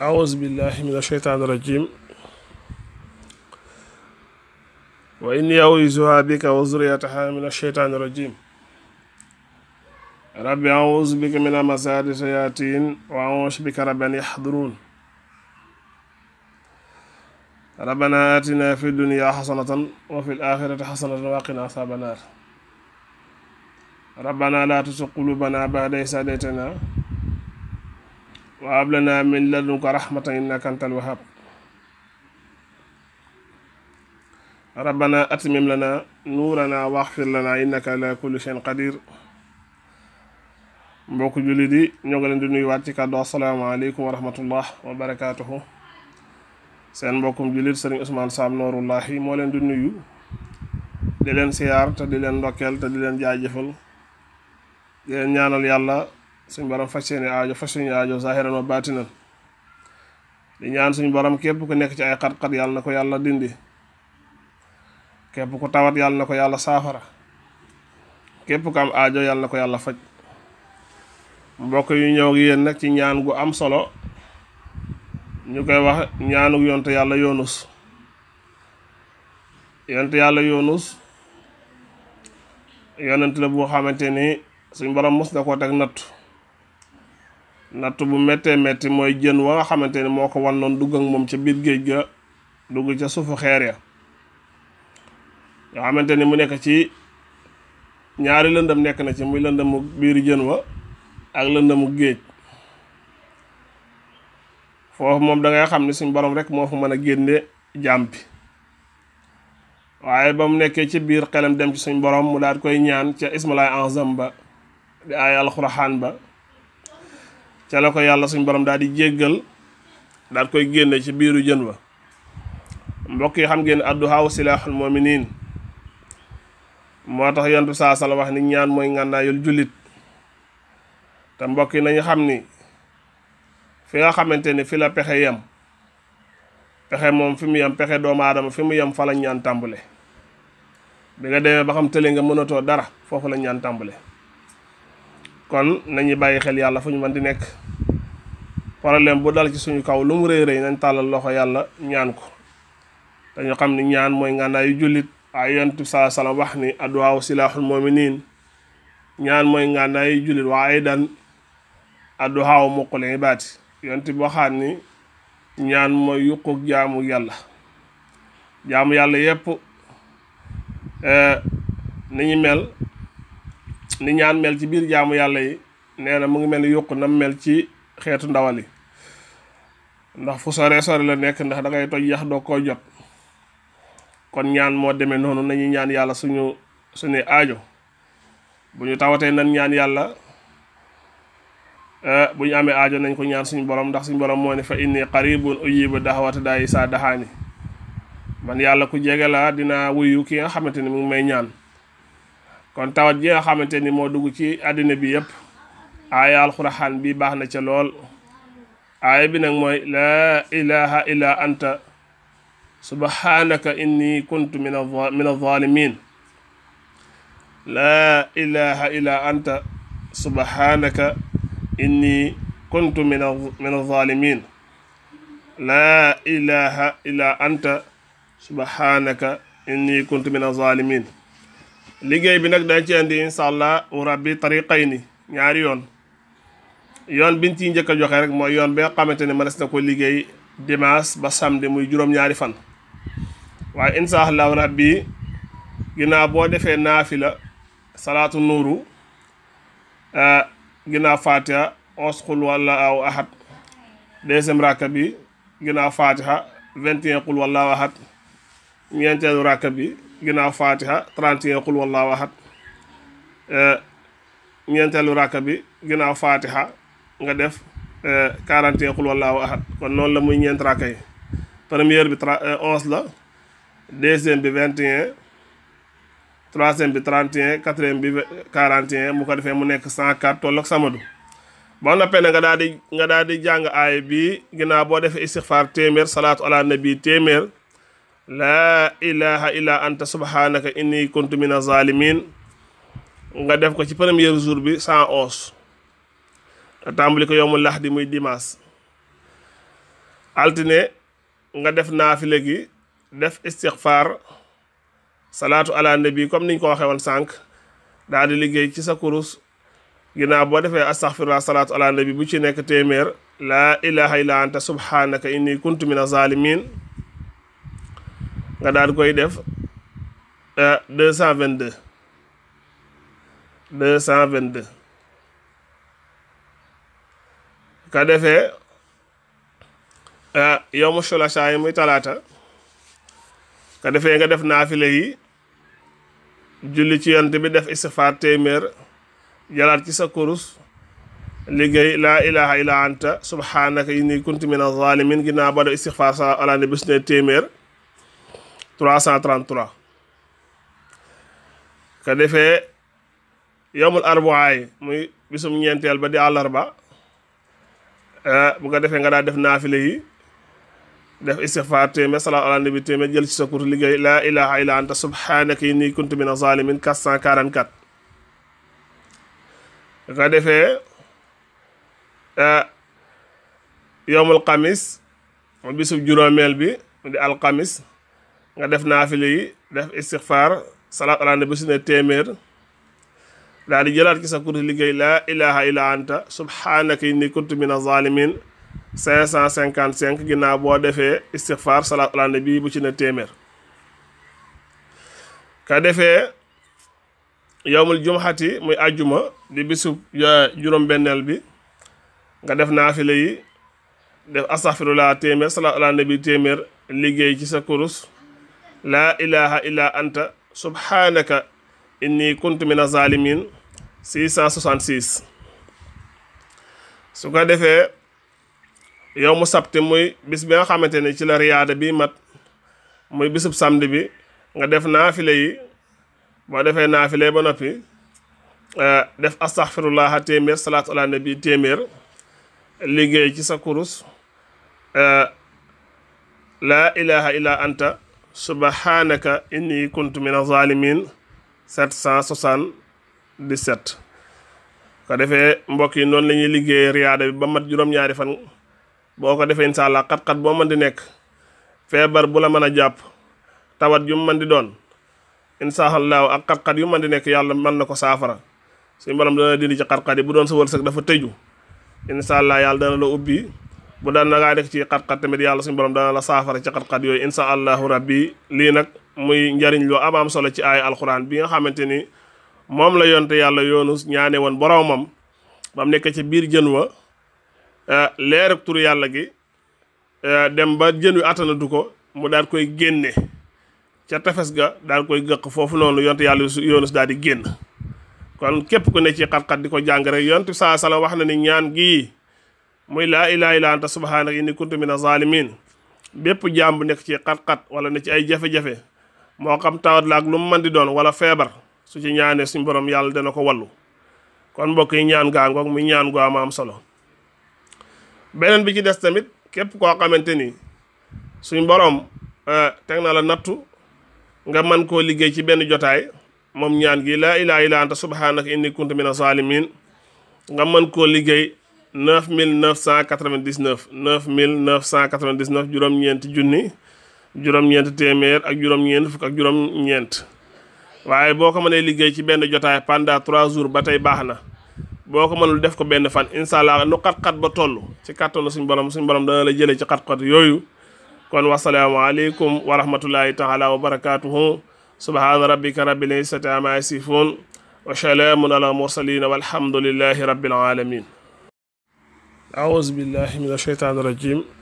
أعوذ بالله من الشيطان الرجيم وإني أعوذها بك وذريتها من الشيطان الرجيم ربي أعوذ بك من مساد الشياطين وأعوذ بك رب أن يحضرون ربنا آتنا في الدنيا حسنة وفي الآخرة حسنة وقنا عذاب النار ربنا لا تزغ قلوبنا بعد إذ هديتنا وهب لنا من لدنك رحمة إنك أنت الوهاب ربنا أتمم لنا نورنا واغفر لنا إنك على كل شيء قدير mbokk julli di ñoo ngi leen di nuyuwaat ci kàddu asalaamaaleykum wa rahmatullah wa barakaatuhu seen mbokkum jullit sëriñ Ousmane Sam Noorullahi moo leen di nuyu di leen siyaar te di leen ndokkeel te di leen jaajëfal di leen ñaanal yàlla suñ borom fasiyene aajo fasiyene aajo zahiran wa batinan di ñaan suñ borom képp ku nekk ci ay xat-xat yàlla na ko dindi képp ku tawat yàlla na ko yàlla saafara képp ku am aajo yàlla na ko yàlla faj mbokk yu ñëw gi yéen nag ci ñaan gu am solo ñu koy wax ñaanu yonte yàlla yoonus yonte yàlla yoonus yonent la boo xamante ni borom mos na ko teg nattu natt bu mete mete mooy jën wa nga xamante ne moo ko wan noon dugg ak moom ca biir géej ga dugg ca sufu xeer ya nga xamante ni mu nekk ci ñaari lëndëm nekk na ci muy lëndëmu biir jën wa ak lëndëmu géej foofu moom da ngay xam ne suñ borom rek moo fa mën a génne jaam bi waaye ba mu nekkee ci biir xelam dem ci suñ borom mu daal koy ñaan ca ismalaay enzam ba di ay alxuraan ba ca la ko yàlla suñ borom daal di jéggal daal koy génne ci biiru jën ba mbokk yi xam ngeen adduhaaw silaaxul muminin moo tax yontu saa sala wax ni ñaan mooy ngànnaayul julit te mbokk yi nañu xam ni fi nga xamante ni fi la pexe yem pexe moom fi mu yem pexe doomu aadama fi mu yem fa la ñaan tàmbale bi nga demee ba xam tële nga mënatoo dara foofu la ñaan tàmbale kon nañu bàyyi xel yàlla fu ñu mën di nekk problème bu dal ci suñu kaw lu mu rëy rëy nañ tàllal loxo yàlla ñaan ko dañu xam ni ñaan mooy ngànnaayu jullit ay yonent bi saa salaam wax ni adduwaaw silaaxul moominiin ñaan mooy ngànnaayu jullit waa ay dan adduwaaw muqul ibaati yonent bi waxaat ni ñaan mooy yuquk jaamu yàlla jaamu yàlla yépp eh, ni ñu mel ni ñaan mel ci biir jaamu yàlla yi nee na mu ngi mel ni yokku nam mel ci xeetu ndawal yi ndax fu sore sore la nekk ndax da toj yax doo koo jot kon ñaan moo demee noonu nañu ñaan yàlla suñu suñuy aajo bu ñu tawatee nan ñaan yàlla eh, bu ñu amee aajo nañ ko ñaan suñu borom ndax suñu borom moo ne fa inni qaribun ujibu da'wata daa'i saa daxaani man yàlla ku jege laa dinaa wuyu ki nga xamante ni mu ngi may ñaan kon tawat ji nga xamanteni mo moo dugg ci aduna bi yep aya alquran bi baxna ci lol aya bi nak moy la ilaha illa anta subhanaka inni kuntu min adh-dhalimin laa ilaha illa anta subhanaka inni kuntu min min alzalimin لا إله إلا أنت سبحانك إني كنت من الظالمين liggéey bi nag dañ ci andi incha allah rabbi tariqay ni ñaari yoon yoon biñ ciy njëkk a joxe rek mooy yoon bi nga xamante ne mënees na ko liggéey dimanche ba samedi muy juróom-ñaari fan waaye incha allahu rabbi ginnaaw boo defee naafila salaatu nuuru eh, ginnaaw fatiha onze xul wala aw ahad deuxième raka bi ginnaaw fatiha vingt et un xul wala aw ahad ñeenteelu raka bi ginaaw fatiha 31 qul wallahu ahad euh, ñeenteelu ràkka bi ginaaw fatiha nga def 41 euh, qul wallahu ahad kon noonu la muy ñeent ràkka yi première bi 11 euh, la deuxième bi 21 troisième bi 31 quatrième bi 41 mu ko defee mu nekk 104 tolloog samadu boo noppee ne nga daal di nga daal di jàng aay bi ginnaaw boo defee istixfaar téeméer salaatu ala nabi téeméer laa ilaha illa anta subhanaka inni kuntu mina zalimin nga def ko ci premier jour bi sans os te tàmbali ko yowmu laxdi muy dimanche altine nga def naafile gi def istixfaar salaatu ala nabi comme niñ ko waxee woon sànq daal di liggéey ci sa kurus ginnaaw boo defee astaxfirullah salaatu ala nabi bu ci nekk téeméer laa ilaha illa anta subhanaka inni kuntu mina zalimin nga daal di koy def deux cent vingt deux deux cent vingt deux ka defee yow yomu sulasaa yi muy talaata ka defee nga def naafile yi julli ci yant bi def istixfaar téeméer jalaat ci sa kurus liggéey laa ilaha illa anta subhanaka inni kuntu min azalimin ginnaaw ba def istixfaar sa alaande bis ne téeméer 333 ka defee yomul arbuaay muy bisum ñeenteel ba di àllarba eh, bu ko defee nga daa def naafile yi def istixfaar téeméer salaatu ala nabi téeméer jël ci sa kur liggéey laa ilaha illa anta subhanaka inni kuntu mina zalimin 444 nga defee eh, yomul xamis mu bisub juróomeel bi mu di alxamis nga def naafile yi def istixfaar salaat ala nabi si ne téeméer daal di jëlaat ci sa kuréel liggéey laa ilaha illa anta subhanaka inni kuntu mina zalimin cinq cent cinquante cinq ginnaaw boo defee istixfaar salaat ala bi bu ci ne téeméer ka defee yowmul jumxati muy àjjuma di bisub juróom-benneel bi nga def naafile yi def astaxfirullah téeméer salaat ala nabi téeméer liggéey ci sa kurus laa ilaha illa anta subhanaka inni kuntu mina zalimin 666 su ko defee yow mu sabti muy bis bi nga xamante ni ci la riyaada bi mat muy bisub samedi bi nga def naafile yi moo defee naafile ba noppi eh, def astaxfirullaha téeméer salaatu ala nabi téeméer liggéey ci sa kurus eh, laa ilaha illa anta subhanaka inni kuntu mina zalimin 777 ko defee mbokk yi noonu la ñuy liggéeyee riyaada bi ba mat juróom-ñaari fan boo ko defee incha allah xat-xat boo mën di nekk feebar bu la mën a jàpp tawat yu mën di doon incha allah ak xat-xat yu mën di nekk yàlla mën na ko saafara suñu borom dana dindi ci xat-xat yi bu doon sa wërsëg dafa tëju incha yàlla dana la ubbi bu daan na ngaa nekk ci xat-xat tamit yàlla suñu borom dana la saafara ci xat-xat yooyu insha allahu rabbi lii nag muy njariñ lu am am solo ci ay alquran bi nga xamante ni moom la yonte yàlla yoonus ñaane woon borom Mam bam nekk ci biir jën wa eh, leer turu yàlla gi eh, dem ba jën wi du ko mu daal koy génne ca tafes ga daal koy gëq foofu noonu yonte yàlla yoonus daal di génn kon képp ku ne ci xat-xat di ko jàng rek yonte saa sala wax na ni ñaan gii muy laa ilaha illa anta subhanaka inni kuntu mina zalimin bépp jaam bu nekk ci xat-xat wala ne ci ay jafe-jafe moo xam tawat la ak lu mu mën di doon wala feebar su ci ñaanee suñ boroom yàlla dana ko wallu kon mbokk yi ñaan gaa ngoog muy ñaan gu am am solo beneen bi ci des tamit képp koo xamante ni suñ borom eh, teg na la nattu nga mën koo liggéey ci benn jotaay moom ñaan gi laa ilaha illa anta subhanaka inni kuntu mina zalimin nga mën koo liggéey neuf mille neuf cent quatre-vingt-dix-neuf neuf mille neuf cent quatre-vingt-dix-neuf juróom-ñeent junni juróom-ñeent téeméer ak juróom-ñeent fukk ak juróom-ñeent waaye boo ko mënee liggéey ci benn jotaay pendant trois jours ba tey baax na boo ko mënul def ko benn fan incha allah nu ba toll ci kàttanu suñ borom suñ borom dana la jëlee ci xat-xat yooyu kon wasalaamaaleykum wa rahmatullahi taala wa barakaatuhu subhaana rabbika rabbil izzati amma yasifuun wa salaamun ala mursalina walhamdulillahi rabbil alamin aousubillah min asheytan irajim